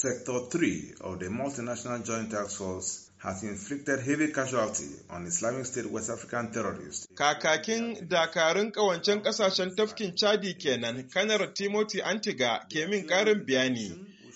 Sector 3 of the multinational joint task force has inflicted heavy casualty on Islamic State West African terrorists. Kakakin dakarun kawancen kasashen tafkin Chadi kenan, kanar Timothy Antiga ke min karin bayani.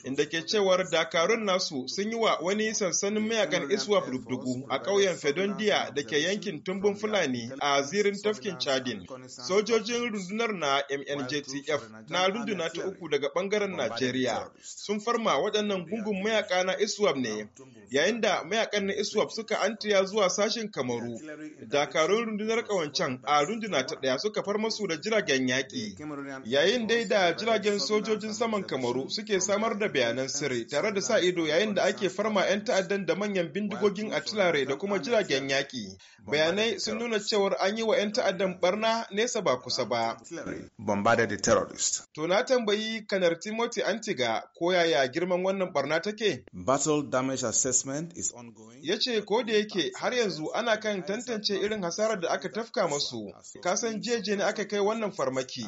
inda ke cewar dakarun nasu sun yi wa wani sansanin mayakan iswa rubdugu a ƙauyen fedondiya da ke yankin tumbun fulani a zirin tafkin chadin sojojin rundunar na mnjtf na runduna ta uku daga bangaren najeriya sun farma waɗannan gungun mayaka na iswa ne yayin da mayakan na iswa suka antiya zuwa sashen kamaru dakarun rundunar ƙawancen a runduna ta ɗaya suka far masu da jiragen yaƙi yayin dai da jiragen sojojin saman kamaru suke samar da bayanan sirri tare da sa ido yayin da ake farma 'yan ta'addan da manyan bindigogin a atilare da kuma jiragen yaƙi. Bayanai sun nuna cewar an yi wa 'yan ta'addan barna nesa ba kusa ba. To na tambayi kanar Timothy Antiga ko yaya girman wannan barna take? Battle damage assessment is ongoing. Ya ce ko da yake har yanzu ana kan tantance irin hasarar da aka tafka masu. Kasan jeje ne aka kai wannan farmaki.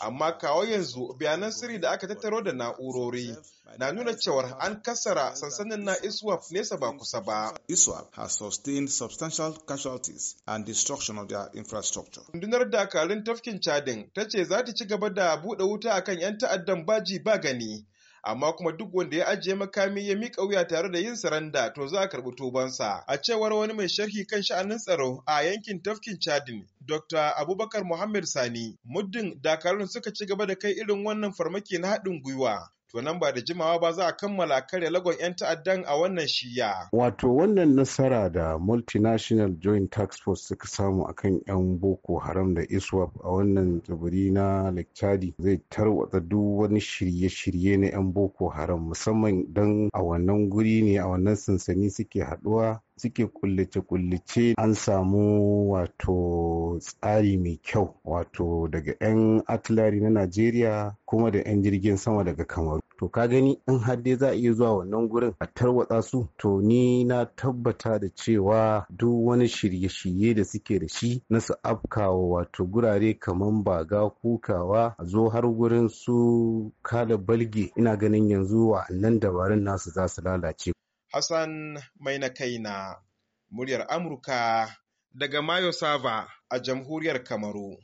Amma kawo yanzu bayanan sirri da aka tattaro da na'urori na nuna cewar an kasara sansanin na ISWAP nesa ba kusa ba. ISWAP has sustained substantial casualties and destruction of their infrastructure. Rundunar dakarun tafkin Chadin ta ce za ta ci gaba da buɗe wuta akan 'yan ta'addan baji ba gani. amma kuma duk wanda ya ajiye makami ya mika wuya tare da yin saranda to za a karɓi tubansa. A cewar wani mai sharhi kan sha'anin tsaro a yankin tafkin Chadin, Dr. Abubakar Muhammad Sani, muddin dakarun suka ci gaba da kai irin wannan farmaki na haɗin gwiwa. to nan ba da jimawa ba za a kammala kare lagon 'yan ta'addan a wannan shiya. Wato wannan nasara da multinational joint tax force suka samu akan 'yan boko haram da iswap a wannan tsibiri na Lake zai tarwatsa duk wani shirye-shirye na 'yan boko haram musamman don a wannan guri ne a wannan sansani suke haɗuwa suke kullace-kullace an samu wato tsari mai kyau wato daga 'yan atilari na najeriya kuma da 'yan jirgin sama daga kamaru to ka gani in har dai za a iya zuwa wannan gurin a tarwatsa su to ni na tabbata da cewa duk wani shirye-shirye da suke da shi na su afkawa wato gurare kamar baga kukawa a zo har gurin su kada balge ina ganin yanzu wa nan dabarun nasu za su lalace Hassan mai na na muryar Amurka daga Mayo Sava a jamhuriyar Kamaru.